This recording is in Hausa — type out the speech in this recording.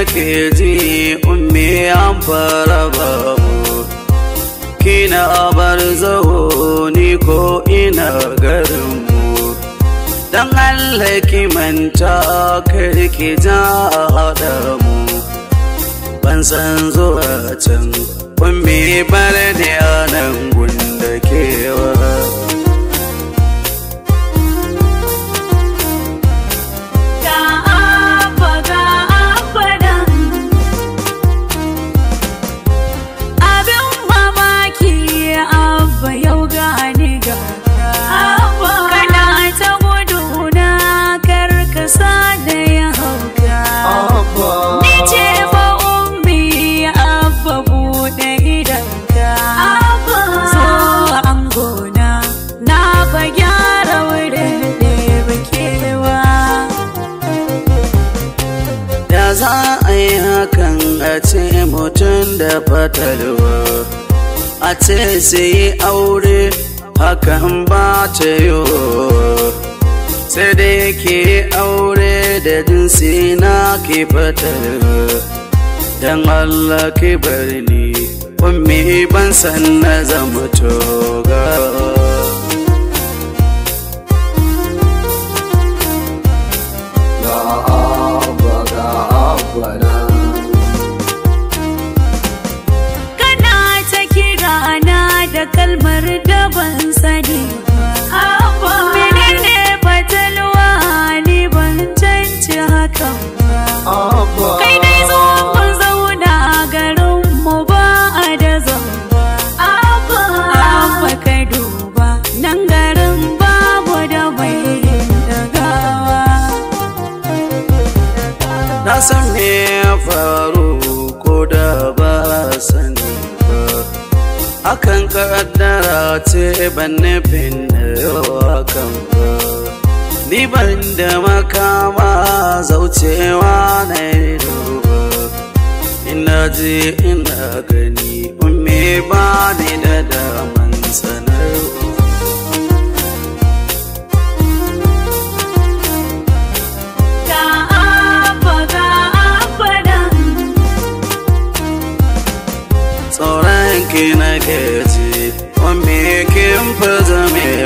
nake ji ummi an fara babu kina bar zaho ni ko ina garinmu dan Allah ki manta karki ja haɗa mu ban san zuwa can ummi bar ne anan gundake a ce mutum da fatalwa a ce sai aure hakan ba ta yiwu sai da yake aure da jinsi na ke fatalwa don Allah ke bari ni ban san na zama toga. faru ko da ba sani ba akan kaddara ce ban nufin na yau kan ba ni ban da makama zaucewa na yi ba ina ji ina gani umme ba ni da dawa I get it. wa me kin fi